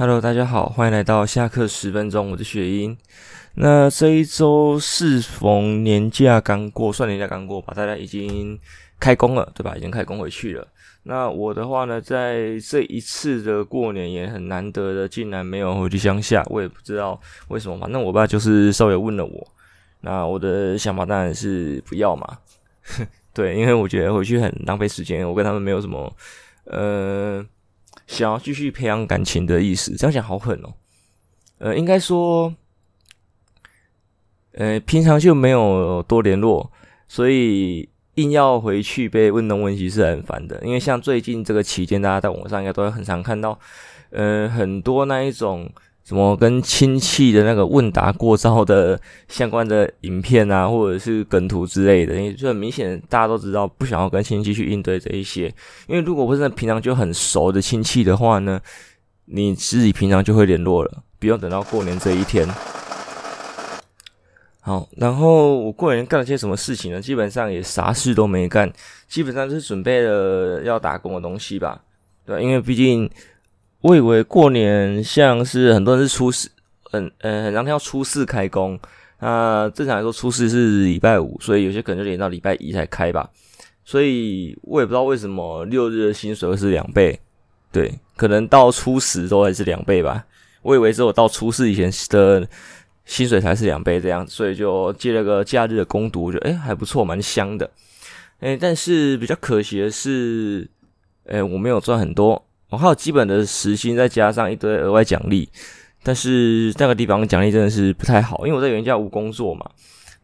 Hello，大家好，歡迎來到下課十分鐘。我是雪英。那這一周適逢年假剛過，算年假剛過吧，把大家已經開工了，對吧？已經開工回去了。那我的話呢，在這一次的過年也很難得的，竟然沒有回去鄉下。我也不知道為什麼嘛。那我爸就是稍微問了我。那我的想法當然是不要嘛。 對，因為我覺得回去很浪費時間，我跟他們沒有什麼，呃。想要繼續培養感情的意思，這樣講好狠哦、喔。呃，應該說，呃，平常就沒有多聯絡，所以硬要回去被問東問西是很煩的。因為像最近這個期間，大家在網上應該都會很常看到，呃，很多那一種。什麼跟親戚的那個問答過招的相關的影片啊，或者是梗圖之類的，因為就很明顯，大家都知道不想要跟親戚去應對這一些。因為如果不是平常就很熟的親戚的話呢，你自己平常就會聯絡了，不用等到過年這一天。好，然後我過年幹了些什麼事情呢？基本上也啥事都沒幹，基本上就是準備了要打工的東西吧，對啊，因為畢竟。我以為過年像是很多人是初四，嗯，呃，很當天要初四開工。那正常來說，初四是禮拜五，所以有些可能就連到禮拜一才開吧。所以我也不知道為什麼六日的薪水會是兩倍，對，可能到初十都還是兩倍吧。我以為只有到初四以前的薪水才是兩倍這樣，所以就借了個假日的工讀，就，誒、欸、哎還不錯，蠻香的。哎、欸，但是比較可惜的是，哎、欸，我沒有賺很多。我、哦、還有基本的時薪，再加上一堆額外獎勵，但是那個地方獎勵真的是不太好，因為我在原價屋工作嘛。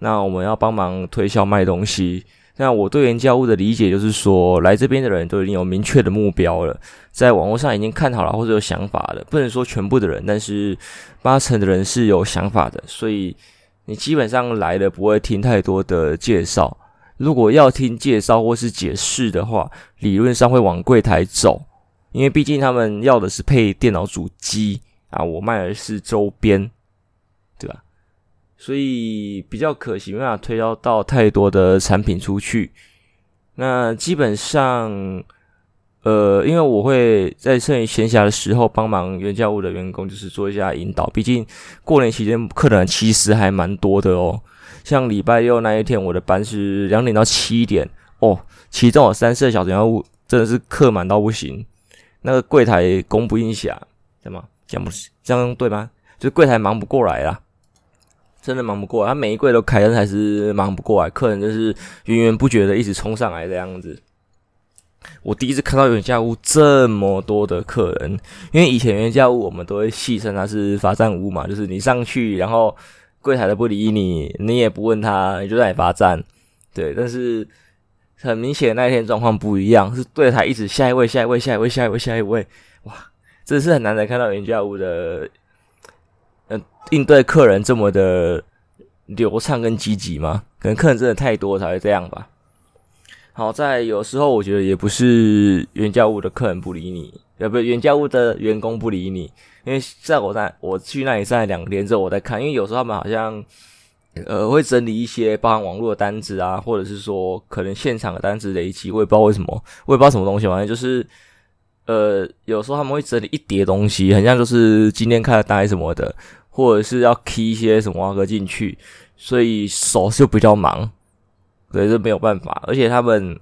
那我們要幫忙推銷賣東西。那我對原價屋的理解就是說，來這邊的人都已經有明確的目標了，在網絡上已經看好了，或者有想法了，不能說全部的人，但是八成的人是有想法的。所以你基本上來了不會聽太多的介紹，如果要聽介紹或是解釋的話，理論上會往櫃檯走。因為畢竟他們要的是配電腦主機啊，我賣的是周邊，對吧？所以比較可惜，沒辦法推銷到太多的產品出去。那基本上，呃，因為我會在剩餘閒暇的時候幫忙原價屋的員工，就是做一下引導。畢竟過年期間客人其實還蠻多的哦。像禮拜六那一天，我的班是兩點到七點哦，其中有三四個小時原價屋，真的是客滿到不行。那個櫃台供不應求怎麼？這講不是這樣對嗎？就是櫃台忙不過來啦，真的忙不過來。他每一櫃都開，還是忙不過來，客人就是源源不絕的一直衝上來的樣子。我第一次看到原價屋這麼多的客人，因為以前原價屋我們都會戲稱他是罰站屋嘛，就是你上去，然後櫃台都不理你，你也不問他，你就在那罰站。對，但是。很明顯的那一天狀況不一樣，是對台一直下一位下一位下一位下一位下一位，哇，真的是很難得看到原價屋的，嗯，應對客人這麼的流暢跟積極嗎？可能客人真的太多才會這樣吧。好在有時候我覺得也不是原價屋的客人不理你，呃，不是原價屋的員工不理你，因為在我在，我去那裡站了兩年之後我在看，因為有時候他們好像。呃，會整理一些包含網絡的單子啊，或者是說可能現場的單子累積，我也不知道為什麼，我也不知道什麼東西，反正就是呃，有時候他們會整理一疊東西，好像就是今天開了單什麼的，或者是要 key 一些什麼啊，進去，所以手就比較忙，對，這沒有辦法。而且他們，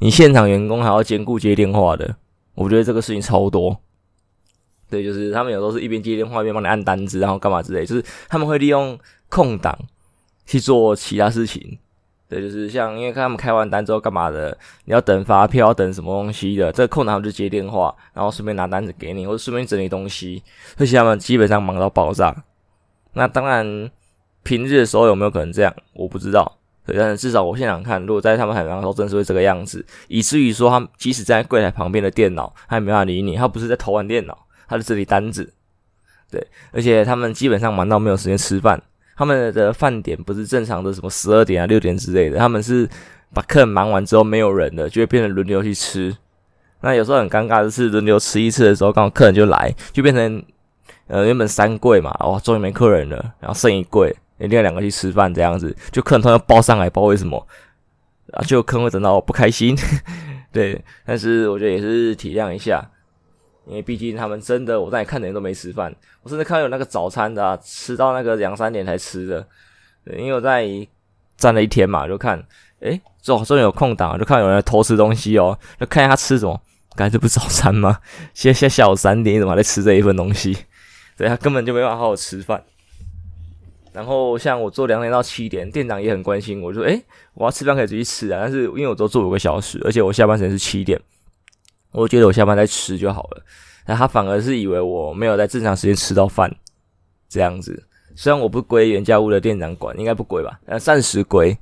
你現場員工還要兼顧接電話的，我覺得這個事情超多，對，就是他們有時候是一邊接電話一邊幫你按單子，然後幹嘛之類，就是他們會利用空檔。去做其他事情，對，就是像因為看他們開完單之後幹嘛的，你要等發票，要等什麼東西的，這個空檔就接電話，然後順便拿單子給你，或者順便整理東西。而且他們基本上忙到爆炸。那當然，平日的時候有沒有可能這樣，我不知道。對，但是至少我現場看，如果在他們海南的時候真是會這個樣子，以至於說他們即使在櫃檯旁邊的電腦，他也沒法理你，他不是在偷玩電腦，他在整理單子。對，而且他們基本上忙到沒有時間吃飯。他們的飯點不是正常的什麼十二點啊、六點之類的，他們是把客人忙完之後沒有人的，就會變成輪流去吃。那有時候很尷尬的是，輪流吃一次的時候剛好客人就來，就變成呃原本三櫃嘛，哦終於沒客人了，然後剩一櫃，一定要兩個去吃飯這樣子，就客人突然包上來，包為什麼啊？就可能會整到我不開心。 對，但是我覺得也是體諒一下。因為畢竟他們真的，我在看的人都沒吃飯，我甚至看到有那個早餐的，啊，吃到那個兩三點才吃的。對，因為我在站了一天嘛，就看，誒、欸，終於終於有空檔，就看有人偷吃東西哦，就看一下他吃什麼，剛才這不是早餐嗎？現在現在下午三點，你怎麼還在吃這一份東西？對，他根本就沒辦法好好吃飯。然後像我做兩點到七點，店長也很關心我，就說，誒、欸，我要吃飯可以直接吃啊。但是因為我都做五個小時，而且我下班時間是七點。我覺得我下班再吃就好了，那他反而是以為我沒有在正常時間吃到飯，這樣子。雖然我不歸原家屋的店長管，應該不歸吧？但暫時歸，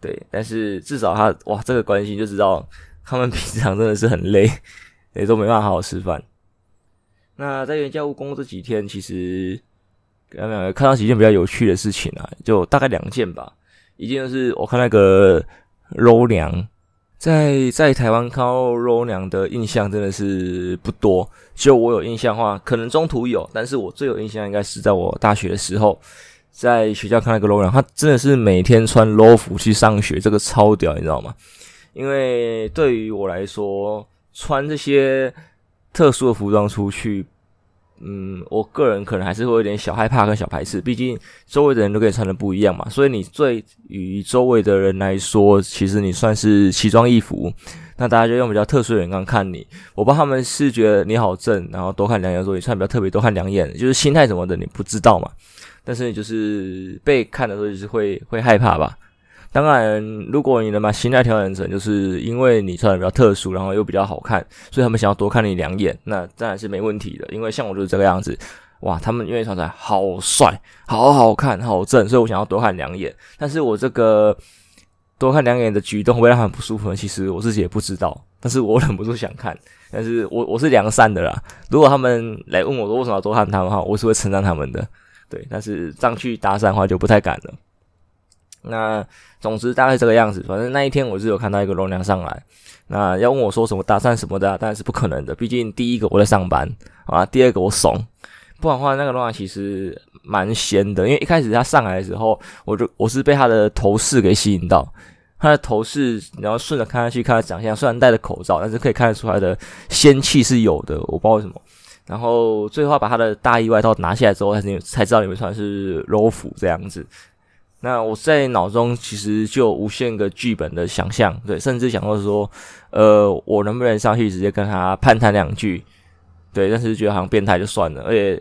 對。但是至少他哇，這個關心就知道他們平常真的是很累，也都沒辦法好好吃飯。那在原家屋工作這幾天，其實看到幾件比較有趣的事情啊，就大概兩件吧。一件就是我看那個 lo 娘。在在台灣看 lo 娘的印象真的是不多，就我有印象的話，可能中途有，但是我最有印象應該是在我大學的時候。在學校看到一個 lo 娘，她真的是每天穿 lo 服去上學，這個超屌，你知道嗎？因為對於我來說，穿這些特殊的服裝出去。嗯，我個人可能還是會有點小害怕跟小排斥，畢竟周圍的人都跟你穿的不一樣嘛，所以你對於周圍的人來說，其實你算是奇裝異服，那大家就用比較特殊的眼光看你。我不知道他們是覺得你好正，然後多看兩眼說你穿的比較特別，多看兩眼，就是心態什麼的你不知道嘛。但是你就是被看的時候，就是會會害怕吧。當然，如果你能把心態調整成，就是因為你穿的比較特殊，然後又比較好看，所以他們想要多看你兩眼，那當然是沒問題的。因為像我就是這個樣子，哇，他們因為穿出來好帥、好好看、好正，所以我想要多看兩眼。但是我這個多看兩眼的舉動會、會讓他們不舒服呢？其實我自己也不知道。但是我忍不住想看，但是我我是良善的啦。如果他們來問我說為什麼要多看他們的話，我是會稱讚他們的。對，但是這樣去搭訕的話就不太敢了。那總之大概是這個樣子，反正那一天我是有看到一個 lo 娘上來，那要問我說什麼搭訕什麼的，啊，當然是不可能的。畢竟第一個我在上班啊，第二個我慫。不然的話，那個 lo 娘其實蠻仙的，因為一開始她上來的時候，我就我是被她的頭飾給吸引到，她的頭飾，然後順着看下去，看她長相，雖然戴着口罩，但是可以看得出來的仙氣是有的，我不知道為什麼。然後最後把她的大衣外套拿下來之後，才才知道裡面穿的是 lo 服這樣子。那我在腦中其實就有無限個劇本的想象，對，甚至想過說，呃，我能不能上去直接跟他攀談兩句？對，但是覺得好像變態就算了，而且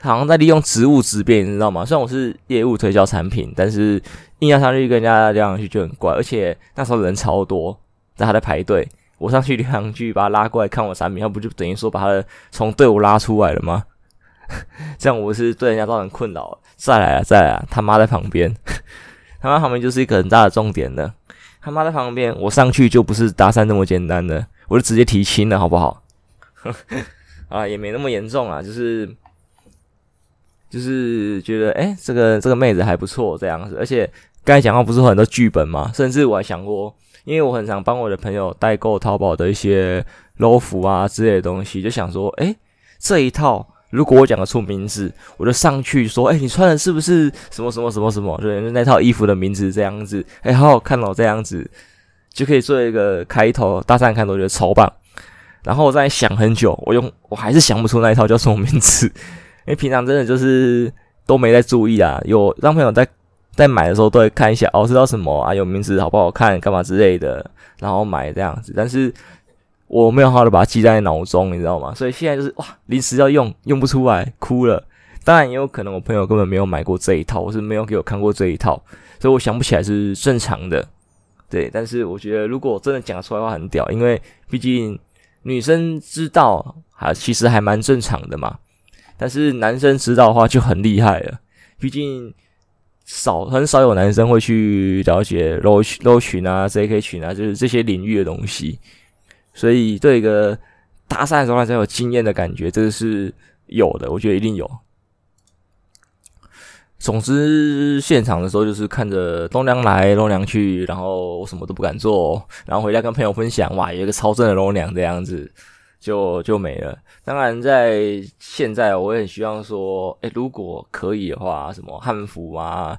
好像在利用職務之便，你知道嗎？雖然我是業務推銷產品，但是硬要上去跟人家聊兩句就很怪，而且那時候人超多，在還在排隊，我上去聊兩句，把他拉過來看我產品，他不就等於說把他的從隊伍拉出來了嗎？ 這樣我是對人家造成困擾。再來啊，再來啊！他媽在旁邊， 他媽旁邊就是一個很大的重點了。他媽在旁邊，我上去就不是搭訕這麼簡單的，我就直接提親了，好不好？啊， 也沒那麼嚴重啊，就是就是覺得，哎、欸，這個這個妹子還不錯，這樣子。而且剛才講話不是很多劇本嗎？甚至我還想過，因為我很常幫我的朋友代購淘寶的一些 lo 服啊之類的東西，就想說，哎、欸，這一套。如果我講得出名字，我就上去說：“哎、欸，你穿的是不是什麼什麼什麼什麼？就是那套衣服的名字這樣子。欸”哎，好好看哦，這樣子就可以做一個開頭，搭訕開頭，我覺得超棒。然後我在想很久，我用我還是想不出那一套叫什麼名字，因為平常真的就是都沒在注意啊。有讓朋友在在買的時候都會看一下哦，知道什麼啊？有名字好不好看？幹嘛之類的，然後買這樣子。但是。我沒有好好的把它記在腦中，你知道嗎？所以現在就是哇，臨時要用用不出來，哭了。當然也有可能我朋友根本沒有買過這一套，或是沒有給我看過這一套，所以我想不起來是正常的。對，但是我覺得如果真的講出來的話很屌，因為畢竟女生知道啊，其實還蠻正常的嘛。但是男生知道的話就很厲害了，畢竟少很少有男生會去了解 lo lo 裙啊、JK 裙啊，就是這些領域的東西。所以，這個搭訕的時候才有經驗的感覺，這個是有的，我覺得一定有。總之，現場的時候就是看着 lo 娘來，lo 娘去，然後我什麼都不敢做，然後回家跟朋友分享，哇，有一個超正的 lo 娘這樣子，就就沒了。當然，在現在，我也希望說，誒、欸，如果可以的話，什麼漢服啊、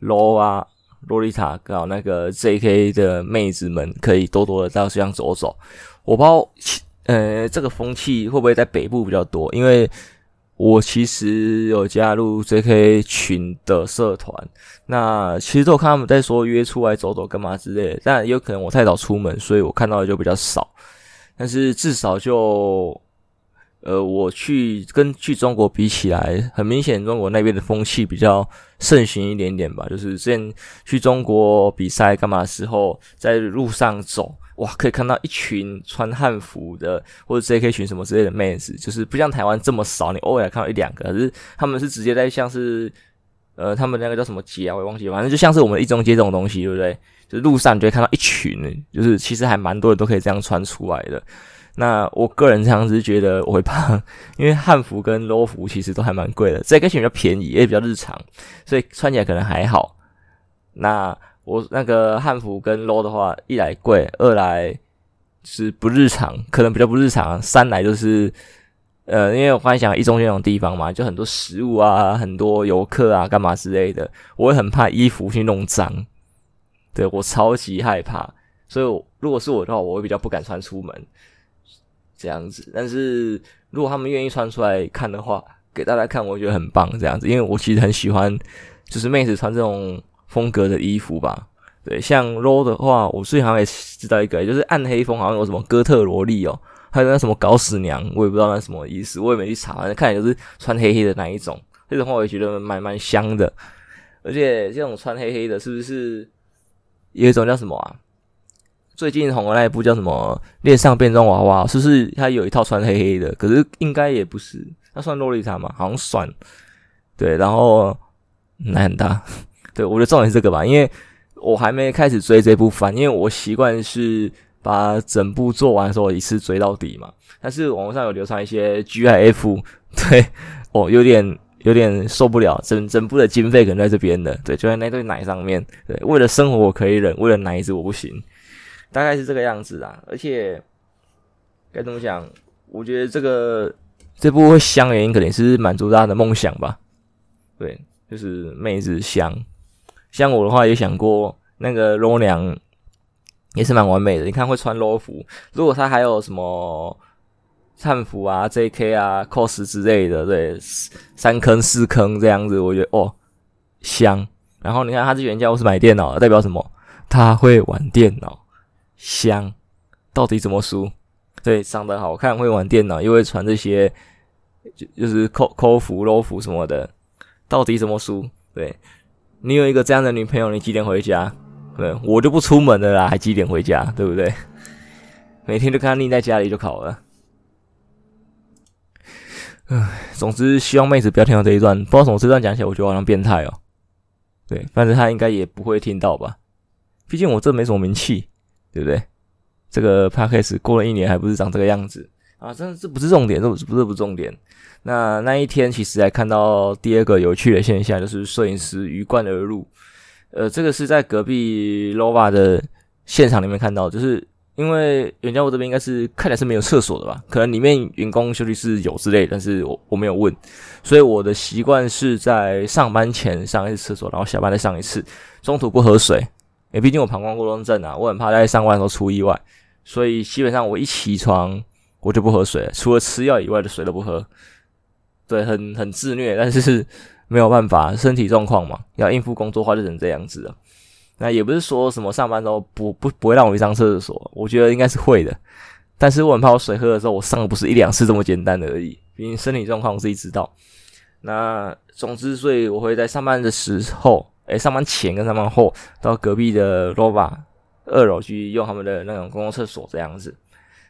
lo 啊、洛麗塔，搞那個 JK 的妹子們，可以多多的到這邊走走。我不知道，呃，這個風氣會不會在北部比較多？因為我其實有加入 JK 群的社團，那其實都看他們在說約出來走走幹嘛之類的，但也有可能我太早出門，所以我看到的就比較少。但是至少就，呃，我去跟去中國比起來，很明顯中國那邊的風氣比較盛行一點點吧。就是之前去中國比賽幹嘛的時候，在路上走。哇，可以看到一群穿漢服的或者 JK 裙什麼之類的妹子，就是不像台灣這麼少，你偶爾看到一兩個，可是他們是直接在像是呃，他們那個叫什麼街啊，我也忘記了，反正就像是我們一中街這種東西，對不對？就是路上你就會看到一群，就是其實還蠻多的都可以這樣穿出來的。那我個人常常是覺得，我會怕，因為漢服跟 lo 服其實都還蠻貴的，JK 裙比較便宜也比較日常，所以穿起來可能還好。那。我那個漢服跟 lo 的話，一來貴，二來是不日常，可能比較不日常。三來就是，呃，因為我發現像一中這種地方嘛，就很多食物啊，很多遊客啊，幹嘛之類的，我會很怕衣服去弄髒。對，我超級害怕，所以如果是我的話，我會比較不敢穿出門這樣子。但是如果他們願意穿出來看的話，給大家看，我會覺得很棒這樣子，因為我其實很喜歡，就是妹子穿這種。風格的衣服吧，對，像 lo 的話，我最近好像也知道一個，就是暗黑風，好像有什麼哥特蘿莉哦、喔，還有那什麼搞死娘，我也不知道那什麼意思，我也沒去查，反正看起來就是穿黑黑的那一種，這種話我也覺得蠻蠻香的，而且這種穿黑黑的，是不是有一種叫什麼啊？最近紅的那一部叫什麼《戀上變裝娃娃》，是不是它有一套穿黑黑的？可是應該也不是，那算洛麗塔嗎？好像算，對，然後奶很大。對，我覺得重點是這個吧，因為我還沒開始追這部番，因為我習慣是把整部做完的時候一次追到底嘛。但是網絡上有流傳一些 GIF，對，哦，有點有點受不了，整整部的經費可能在這邊的，對，就在那堆奶上面，對，為了生活我可以忍，為了奶子我不行，大概是這個樣子啦，而且該怎麼講？我覺得這個這部會香的原因，可能是滿足大家的夢想吧。對，就是妹子香。像我的話也想過，那個 lo 娘也是蠻完美的。你看會穿 LO 服，如果他還有什麼漢服啊、JK 啊、cos 之類的，對，三坑四坑這樣子，我覺得哦香。然後你看他這原價我是買電腦的，代表什麼？他會玩電腦，香。到底怎麼輸？對，長得好看，會玩電腦，又會穿這些，就就是 cos co 服、LO 服什麼的，到底怎麼輸？對。你有一個這樣的女朋友，你幾點回家？對，我就不出門的啦，還幾點回家？對不對？每天就看他膩在家裡就好了。唉，總之希望妹子不要聽到這一段，不知道什麼這段講起來，我覺得好像變態哦。對，但是他應該也不會聽到吧，畢竟我這沒什麼名氣，對不對？這個 podcast 過了一年，還不是長這個樣子啊？真的這不是重點，這不是不是重點。那那一天其實還看到第二個有趣的現象，就是攝影師魚貫而入。呃，這個是在隔壁 NOVA 的現場裡面看到，就是因為原價屋我這邊應該是看起來是沒有廁所的吧？可能裡面員工休息室有之類，但是我我沒有問。所以我的習慣是在上班前上一次廁所，然後下班再上一次，中途不喝水，因為畢竟我膀胱過動症啊，我很怕在上班的時候出意外，所以基本上我一起床我就不喝水，除了吃藥以外的水都不喝。對，很很自虐，但是沒有辦法，身體狀況嘛，要應付工作話就只能這樣子了。那也不是說什麼上班都不不不會讓我去上廁所，我覺得應該是會的。但是我很怕我水喝的時候，我上不是一兩次這麼簡單的而已，畢竟身體狀況我自己知道。那總之，所以我會在上班的時候，哎，上班前跟上班後到隔壁的羅巴二樓去用他們的那種公共廁所這樣子。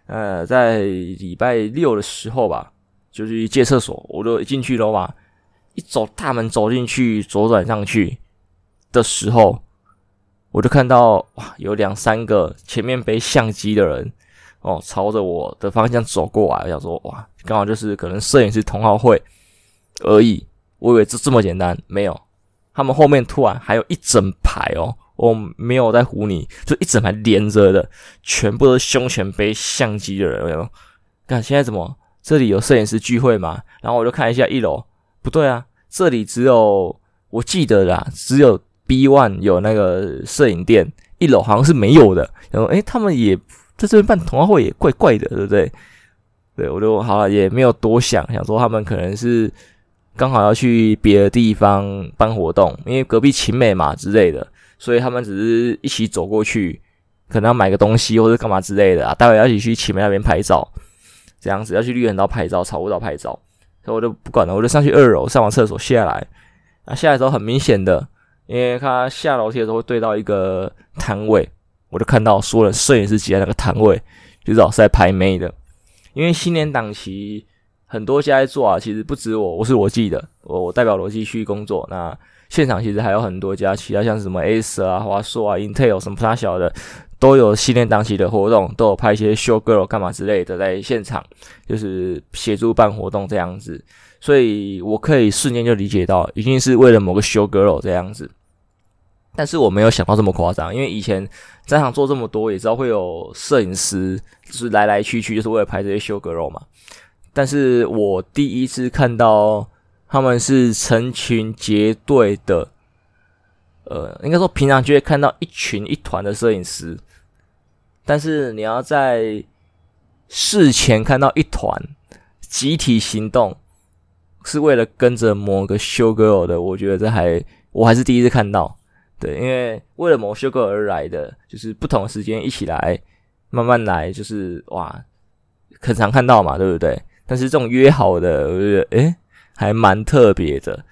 呃，在禮拜六的時候吧。就去借廁所，我就一進去的話，一走大門走進去，左轉上去的時候，我就看到哇，有兩三個前面背相機的人哦，朝着我的方向走過來，我想說哇，剛好就是可能攝影師同好會而已。我以為這這麼簡單，沒有，他們後面突然還有一整排哦，我沒有在唬你，就一整排連着的，全部都是胸前背相機的人喲。看現在怎麼？這裡有攝影師聚會嘛？然後我就看一下一樓，不對啊，這裡只有我記得啦、啊，只有 B One 有那個攝影店，一樓好像是沒有的。然後誒，他們也在這邊辦童話會也怪怪的，對不對？對我就好、啊、也沒有多想，想說他們可能是剛好要去別的地方辦活動，因為隔壁勤美嘛之類的，所以他們只是一起走過去，可能要買個東西或是幹嘛之類的啊，待會要一起去勤美那邊拍照。這樣子要去綠園道拍照，草悟道拍照，所以我就不管了，我就上去二樓上完廁所下來。那、啊、下來之後很明顯的，因為他下樓梯的時候會對到一個攤位，我就看到所有人攝影師擠在那個攤位，就是老是在拍妹的。因為新年檔期很多家在做啊，其實不止我，我是我記得，我我代表羅技去工作。那現場其實還有很多家其他像什麼 Acer 啊、華碩啊、Intel 什麼不大小的。都有系列檔期的活動，都有拍一些 show girl 幹嘛之類的，在現場就是協助辦活動這樣子，所以我可以瞬間就理解到，一定是為了某個 show girl 這樣子。但是我沒有想到這麼誇張，因為以前在場做這麼多，也知道會有攝影師，就是來來去去就是為了拍這些 show girl 嘛。但是我第一次看到他們是成群結隊的，呃，應該說平常就會看到一群一團的攝影師。但是你要在事前看到一團集體行動，是為了跟着某個修 girl 的，我覺得這還我還是第一次看到。對，因為為了某修 girl 而來的，就是不同的時間一起來，慢慢來，就是哇，很常看到嘛，對不對？但是這種約好的，我覺得誒、欸，還蠻特別的。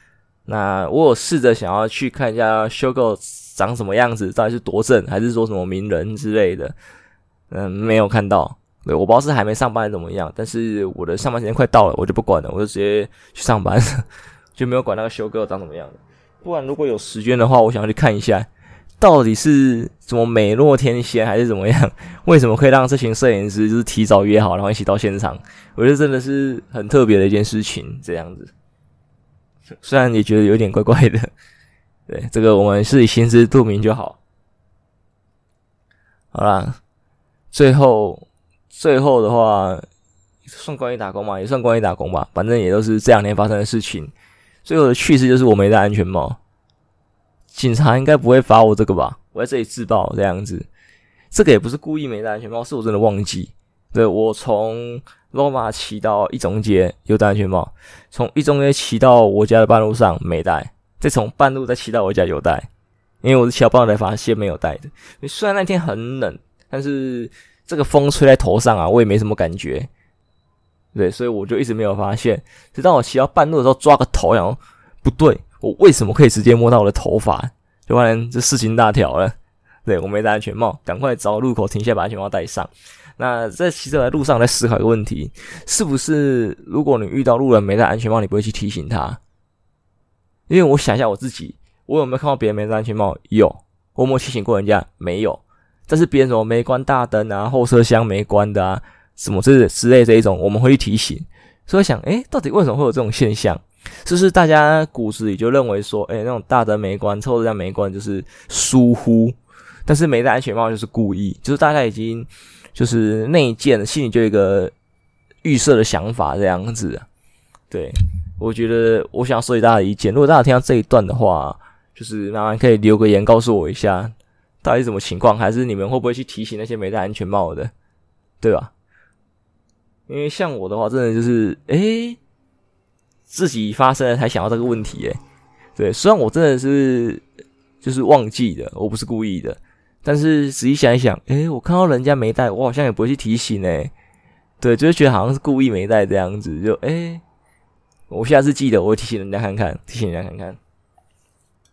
那我有試着想要去看一下修 girl 長什麼樣子，到底是多正，還是說什麼名人之類的。嗯，沒有看到。對，我不知道是還沒上班還是怎麼樣，但是我的上班時間快到了，我就不管了，我就直接去上班了，了，就沒有管那個修哥長怎麼樣了。不然如果有時間的話，我想要去看一下，到底是怎麼美若天仙還是怎麼樣？為什麼可以讓這群攝影師就是提早約好，然後一起到現場？我覺得真的是很特別的一件事情。這樣子，雖然也覺得有點怪怪的，對這個我們是心知肚明就好。好啦。最後，最後的話，算關於打工嘛，也算關於打工吧。反正也都是這兩天發生的事情。最後的趣事就是我沒戴安全帽，警察應該不會罰我這個吧？我在這裡自爆這樣子，這個也不是故意沒戴安全帽，是我真的忘記。對，我從羅馬騎到一中街有戴安全帽，從一中街騎到我家的半路上沒戴，再從半路再騎到我家有戴，因為我是騎到半路才發現沒有戴的。雖然那天很冷。但是這個風吹在頭上啊，我也沒什麼感覺，對，所以我就一直沒有發現。直到我騎到半路的時候，抓個頭，然後不對，我為什麼可以直接摸到我的頭髮？就發現這事情大條了。對，我沒戴安全帽，趕快找路口停下，把安全帽戴上。那在騎車的路上，在思考一個問題：是不是如果你遇到路人沒戴安全帽，你不會去提醒他？因為我想一下我自己，我有沒有看到別人沒戴安全帽？有，我有沒有提醒過人家？沒有。但是別人什麼沒關大燈啊，後車廂沒關的啊，什麼這之類這一種，我們會去提醒。所以我想，哎、欸，到底為什麼會有這種現象？是不是大家骨子裡就認為說，哎、欸，那種大燈沒關、車子廂沒關就是疏忽，但是沒戴安全帽就是故意，就是大概已經就是內建，心裡就有一個預設的想法這樣子。對，我覺得我想收集大家的意見，如果大家聽到這一段的話，就是麻煩可以留個言告訴我一下。到底什麼情況？還是你們會不會去提醒那些沒戴安全帽的？對吧？因為像我的話，真的就是誒，自己發生了才想到這個問題誒，對，雖然我真的是就是忘記的，我不是故意的，但是仔細想一想，誒，我看到人家沒戴，我好像也不會去提醒誒，對，就是覺得好像是故意沒戴這樣子，就誒，我下次記得我會提醒人家看看，提醒人家看看。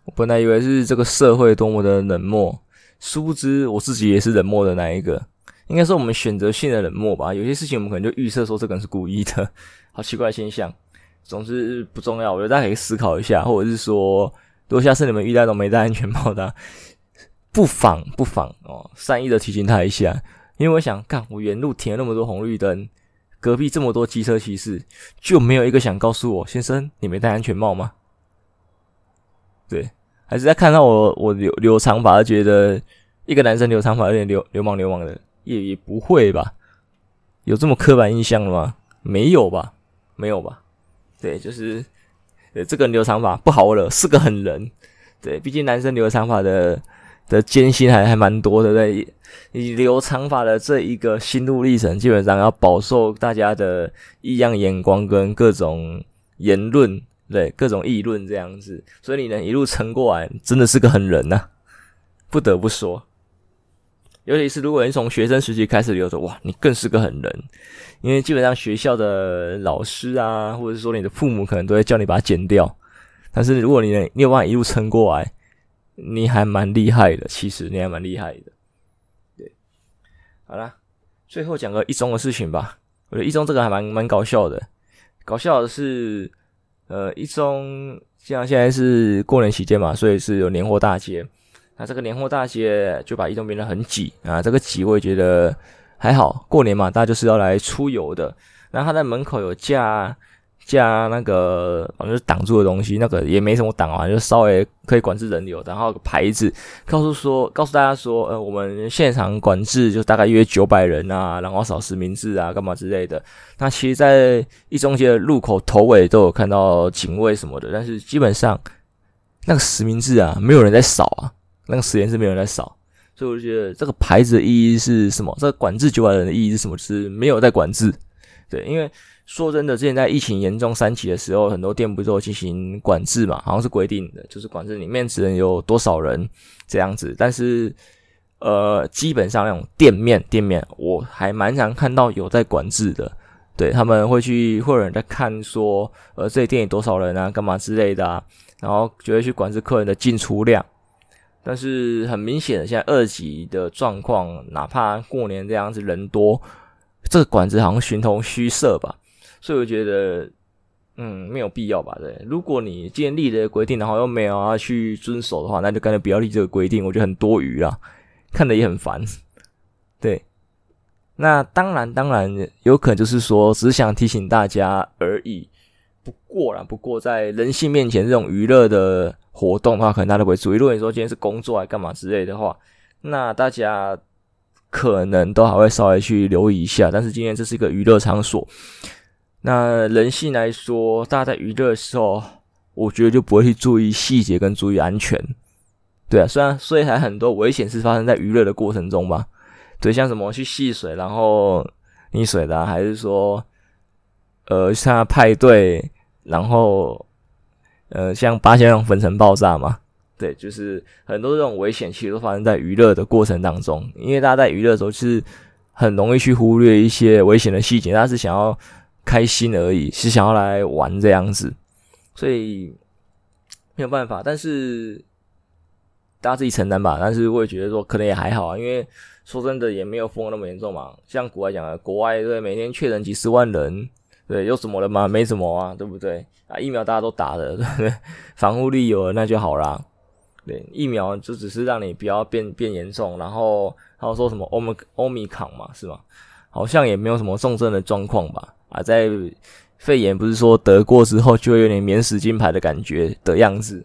我本來以為是這個社會多麼的冷漠。殊不知，我自己也是冷漠的那一個，應該說我們選擇性的冷漠吧。有些事情我們可能就預測說這個人是故意的，好奇怪現象。總之不重要，我覺得大家可以思考一下，或者是說，如果下次你們遇到都沒戴安全帽的，啊，不妨不妨哦，善意的提醒他一下。因為我想，看，我原路停了那麼多紅綠燈，隔壁這麼多機車騎士，就沒有一個想告訴我，先生你沒戴安全帽嗎？對。還是在看到我我留留長髮，覺得一個男生留長髮有點流流氓流氓的，也也不會吧？有這麼刻板印象的嗎？沒有吧，沒有吧？對，就是對這個留長髮不好惹，是個狠人。對，畢竟男生留長髮的的艱辛還還蠻多的，對不對？你留長髮的這一個心路歷程，基本上要飽受大家的異樣眼光跟各種言論，對各種議論這樣子，所以你能一路撐過來，真的是個狠人吶、啊，不得不說。尤其是如果你從學生時期開始留著，哇，你更是個狠人，因為基本上學校的老師啊，或者是說你的父母，可能都會叫你把它剪掉。但是如果你能，你有辦法一路撐過來，你還蠻厲害的。其實你還蠻厲害的。對，好啦，最後講個一中的事情吧。我覺得一中這個還蠻蠻搞笑的，搞笑的是。呃，一中像現在是過年期間嘛，所以是有年貨大街，那這個年貨大街就把一中變得很擠啊。這個擠，我也覺得還好，過年嘛，大家就是要來出遊的。那他在門口有架。加那個反正擋住的東西，那個也沒什麼擋啊，就稍微可以管制人流，然後個牌子告訴說告訴大家說，呃，我們現場管制就大概約九百人啊，然後掃實名制啊，幹嘛之類的。那其實，在一中街的路口頭尾都有看到警衛什麼的，但是基本上那個實名制啊，沒有人在掃啊，那個實聯制沒有人在掃，所以我就覺得這個牌子的意義是什麼？這個、管制九百人的意義是什麼？就是沒有在管制，對，因為。說真的，之前在疫情嚴重三級的時候，很多店不都進行管制嘛，好像是規定的，就是管制裡面只能有多少人這樣子。但是，呃，基本上那種店面，店面我還蠻常看到有在管制的，對，他們會去會有人在看說，呃，這店有多少人啊，幹嘛之類的啊，然後就會去管制客人的進出量。但是很明顯的，現在二級的狀況，哪怕過年這樣子人多，這管制好像形同虛設吧。所以我覺得，嗯，沒有必要吧？對，如果你建立了個規定，然後又沒有要去遵守的話，那就乾脆不要立這個規定。我覺得很多餘啊，看得也很煩。對，那當然，當然有可能就是說，只想提醒大家而已。不過啦，不過在人性面前，這種娛樂的活動的話，可能大家都不會注意。如果你說今天是工作來幹嘛之類的話，那大家可能都還會稍微去留意一下。但是今天這是一個娛樂場所。那人性來說，大家在娛樂的時候，我覺得就不會去注意細節跟注意安全，對啊，雖然所以還很多危險是發生在娛樂的過程中吧，對，像什麼去戲水然後溺水的，啊，還是說，呃，像派對，然後，呃，像八仙洞粉塵爆炸嘛，對，就是很多這種危險其實都發生在娛樂的過程當中，因為大家在娛樂的時候就是很容易去忽略一些危險的細節，大家是想要。開心而已，是想要來玩這樣子，所以沒有辦法。但是大家自己承擔吧。但是我也覺得說，可能也還好啊，因為說真的，也沒有封那麼嚴重嘛。像國外講的，國外對每天確診幾十萬人，對有什麼的嗎？沒什麼啊，對不對？啊，疫苗大家都打了，對不對？防護力有了，那就好啦。對，疫苗就只是讓你不要變變嚴重。然後還有說什麼 Omicron 嘛，是嗎？好像也沒有什麼重症的狀況吧？啊，在肺炎不是說得過之後，就會有點免死金牌的感覺的樣子。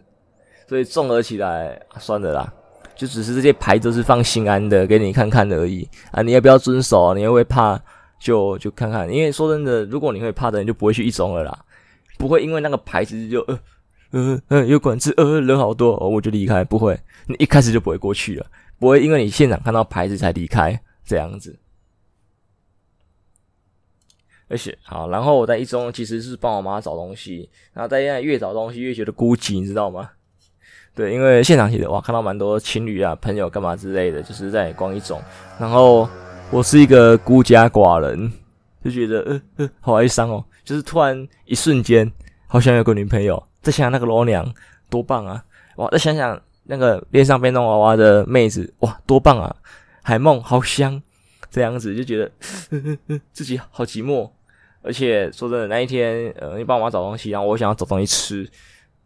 所以綜合起來，啊，算了啦。就只是這些牌子都是放心安的，給你看看而已。啊，你要不要遵守啊？你又會怕？就就看看。因為說真的，如果你會怕的人就不會去一中了啦。不會因為那個牌子就，呃呃呃有管制，呃人好多，哦，我就離開。不會，你一開始就不會過去了，不會因為你現場看到牌子才離開這樣子。而且好，然後我在一中其實是幫我媽找東西，然後在現在越找東西越覺得孤寂，你知道嗎？對，因為現場其實哇看到蠻多情侶啊、朋友幹嘛之類的，就是在逛一中，然後我是一個孤家寡人，就覺得呃，呃好哀傷哦，就是突然一瞬間，好想有個女朋友。再想想那個羅娘多棒啊，哇！再想想那個臉上變裝娃娃的妹子哇多棒啊，海夢好香，這樣子就覺得呵呵呵自己好寂寞。而且說真的，那一天呃，你幫我找東西，然後我想要找東西吃，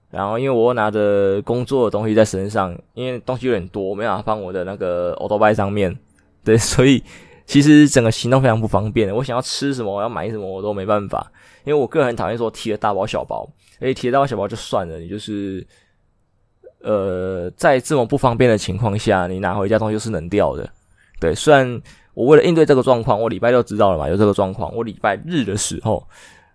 然後因為我拿着工作的東西在身上，因為東西有點多，沒辦法放我的那個歐兜拜上面。對，所以其實整個行動非常不方便。我想要吃什麼，我要買什麼，我都沒辦法。因為我個人很討厭說提着大包小包，而且提着大包小包就算了。你就是呃，在這麼不方便的情況下，你拿回家東西是能掉的。對，雖然。我為了應對這個狀況，我禮拜六知道了嘛，有這個狀況。我禮拜日的時候，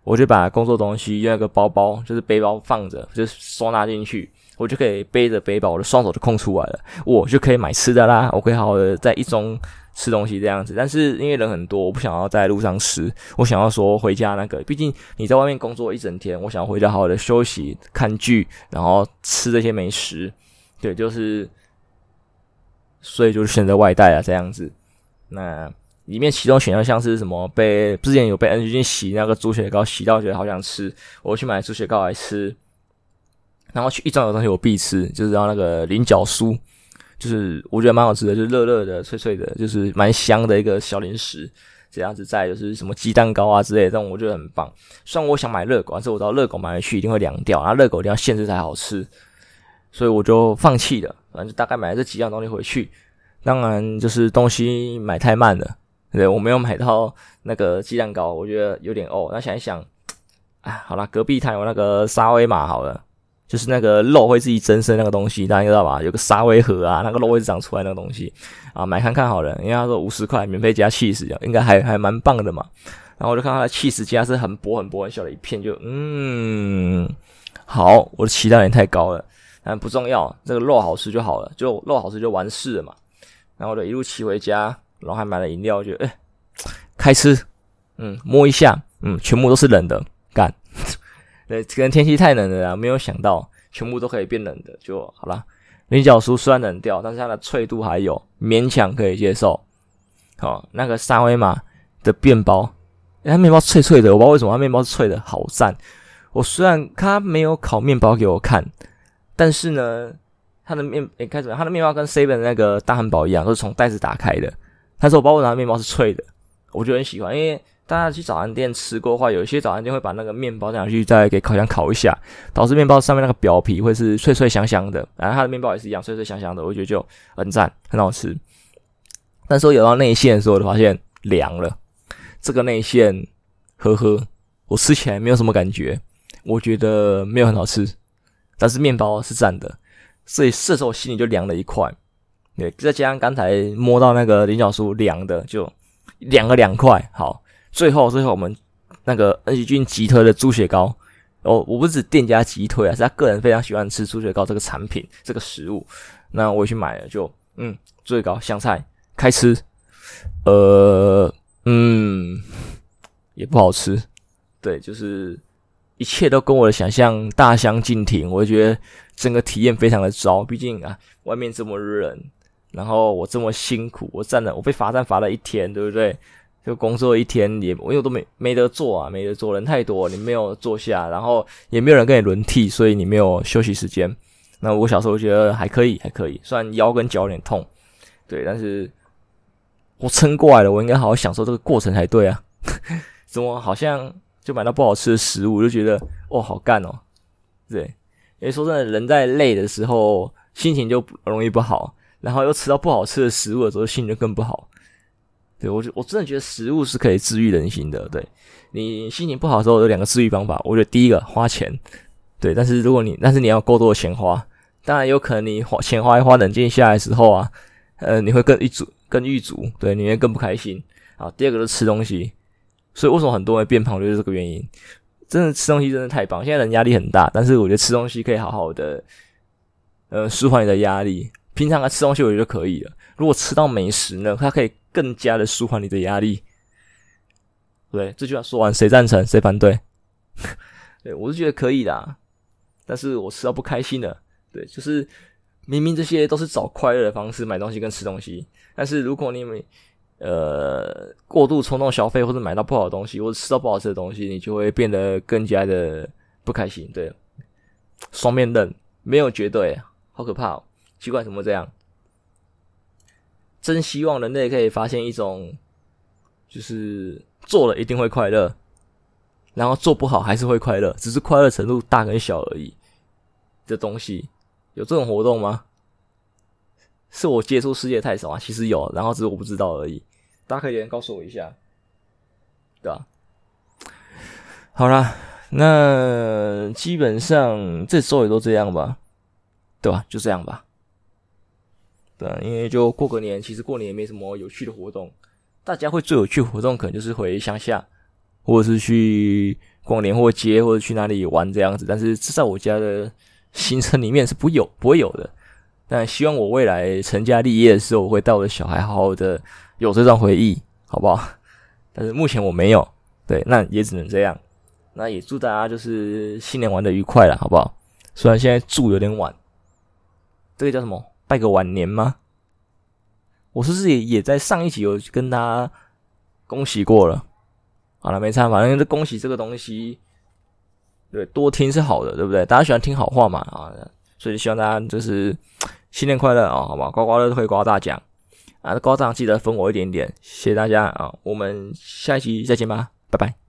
我就把工作東西用那個包包，就是背包放着，就收納進去。我就可以背着背包，我的雙手就空出來了，我就可以買吃的啦。我可以好好的在一中吃東西這樣子。但是因為人很多，我不想要在路上吃，我想要說回家那個。畢竟你在外面工作一整天，我想要回家好好的休息、看劇，然後吃這些美食。對，就是，所以就是選擇外帶啊這樣子。那裡面其中選項像是什麼被之前有被 N G 菌洗，那個豬血糕洗到覺得好想吃，我去買豬血糕來吃。然後去一中的東西我必吃，就是然後那個菱角酥，就是我覺得蠻好吃的，就是熱熱的、脆脆的，就是蠻香的一個小零食。這樣子在就是什麼雞蛋糕啊之類的，但我覺得很棒。雖然我想買熱狗，但是我知道熱狗買回去一定會涼掉，然後熱狗一定要現吃才好吃，所以我就放棄了。反正就大概買了這幾樣東西回去。當然就是東西買太慢了，對，我沒有買到那個雞蛋糕，我覺得有點哦。那想一想，哎，好啦，隔壁攤有那個沙威瑪，好了，就是那個肉會自己增生那個東西，大家知道吧？有個沙威盒啊，那個肉會長出來那個東西啊，買看看好了。因為他說五十塊免費加 cheese，應該還還蠻棒的嘛。然後我就看他的 cheese 加是很薄很薄很小的一片就，就嗯，好，我的期待有點太高了，但不重要，這個肉好吃就好了，就肉好吃就完事了嘛。然後就一路騎回家，然後還買了飲料，就誒、哎、開吃，嗯，摸一下，嗯，全部都是冷的，幹，那可能天氣太冷了啊，沒有想到全部都可以變冷的，就好啦。菱角酥雖然冷掉，但是它的脆度還有，勉強可以接受。哦，那個沙威瑪的麵包，哎，它麵包脆脆的，我不知道為什麼它麵包是脆的，好讚。我雖然它沒有烤麵包給我看，但是呢。它的麵誒，一開始，它的麵包跟 Seven 那個大漢堡一樣，都是從袋子打開的。但是，我包括它的麵包是脆的，我就很喜歡。因為大家去早餐店吃過的話，有一些早餐店會把那個麵包拿進去再給烤箱烤一下，導致麵包上面那個表皮會是脆脆香香的。然後，它的麵包也是一樣脆脆香香的，我覺得就很贊，很好吃。但是，我咬到內餡的時候，我就發現涼了。這個內餡，呵呵，我吃起來沒有什麼感覺，我覺得沒有很好吃。但是，麵包是贊的。所以這時候我心裡就涼了一塊，對，再加上剛才摸到那個菱角酥涼的，就涼了兩塊。好，最後最後我們那個恩熙君急推的豬血糕，哦，我不止店家急推啊，是他個人非常喜歡吃豬血糕這個產品這個食物。那我去買了，就嗯，豬血糕香菜開吃，呃，嗯，也不好吃，對，就是一切都跟我的想象大相徑庭，我覺得。整個體驗非常的糟，畢竟啊，外面這麼熱，然後我這麼辛苦，我站着，我被罰站罰了一天，對不對？就工作一天也，因為我又都沒沒得坐啊，沒得坐，人太多，你沒有坐下，然後也沒有人跟你輪替，所以你沒有休息時間。那我小時候覺得還可以，還可以，雖然腰跟腳有點痛，對，但是我撐過來了，我應該好好享受這個過程才對啊。 怎麼好像就買到不好吃的食物，就覺得哦好乾哦，對。因為說真的，人在累的時候，心情就容易不好，然後又吃到不好吃的食物的時候，心情就更不好。對我就我真的覺得食物是可以治癒人心的。對你心情不好的時候，有兩個治癒方法。我覺得第一個花錢，對，但是如果你，但是你要夠多的錢花，當然有可能你花錢花一花，冷靜下來之後啊，呃，你會更鬱卒，更鬱卒，對，你會更不開心。好，第二個是吃東西。所以為什麼很多人變胖，就是這個原因。真的吃東西真的太棒，現在人壓力很大，但是我覺得吃東西可以好好的，呃，舒緩你的壓力。平常啊，吃東西我覺得就可以了，如果吃到美食呢，它可以更加的舒緩你的壓力。對，這句話說完，誰贊成？誰反對？ 對，我是覺得可以的，但是我吃到不開心的，對，就是明明這些都是找快樂的方式，買東西跟吃東西，但是如果你每。呃，過度衝動消費，或者買到不好的東西，或者吃到不好吃的東西，你就會變得更加的不開心。對，雙面刃沒有絕對，好可怕哦、喔！奇怪，怎麼這樣？真希望人類可以發現一種，就是做了一定會快樂，然後做不好還是會快樂，只是快樂程度大跟小而已的東西。有這種活動嗎？是我接觸世界太少啊，其實有，然後只是我不知道而已。大家可以留言告訴我一下，對吧？好啦，那基本上這週也都這樣吧，對吧？就這樣吧。對吧，因為就過個年，其實過年也沒什麼有趣的活動。大家會最有趣的活動可能就是回鄉下，或者是去逛年貨街，或者去哪裡玩這樣子。但是在我家的行程裡面是不有不會有的。但希望我未來成家立業的時候，我會帶我的小孩好好的有這段回憶，好不好？但是目前我沒有，對，那也只能這樣。那也祝大家就是新年玩的愉快了，好不好？雖然現在祝有點晚，這個叫什麼？拜個晚年嗎？我是不是也也在上一集有跟他恭喜過了？好了，沒差，反正就恭喜這個東西，對，多聽是好的，對不對？大家喜歡聽好話嘛，啊，所以希望大家就是。新年快樂啊，好吧，刮刮樂會刮大獎啊，刮大獎記得分我一點點，謝謝大家啊，我們下一期再見吧，拜拜。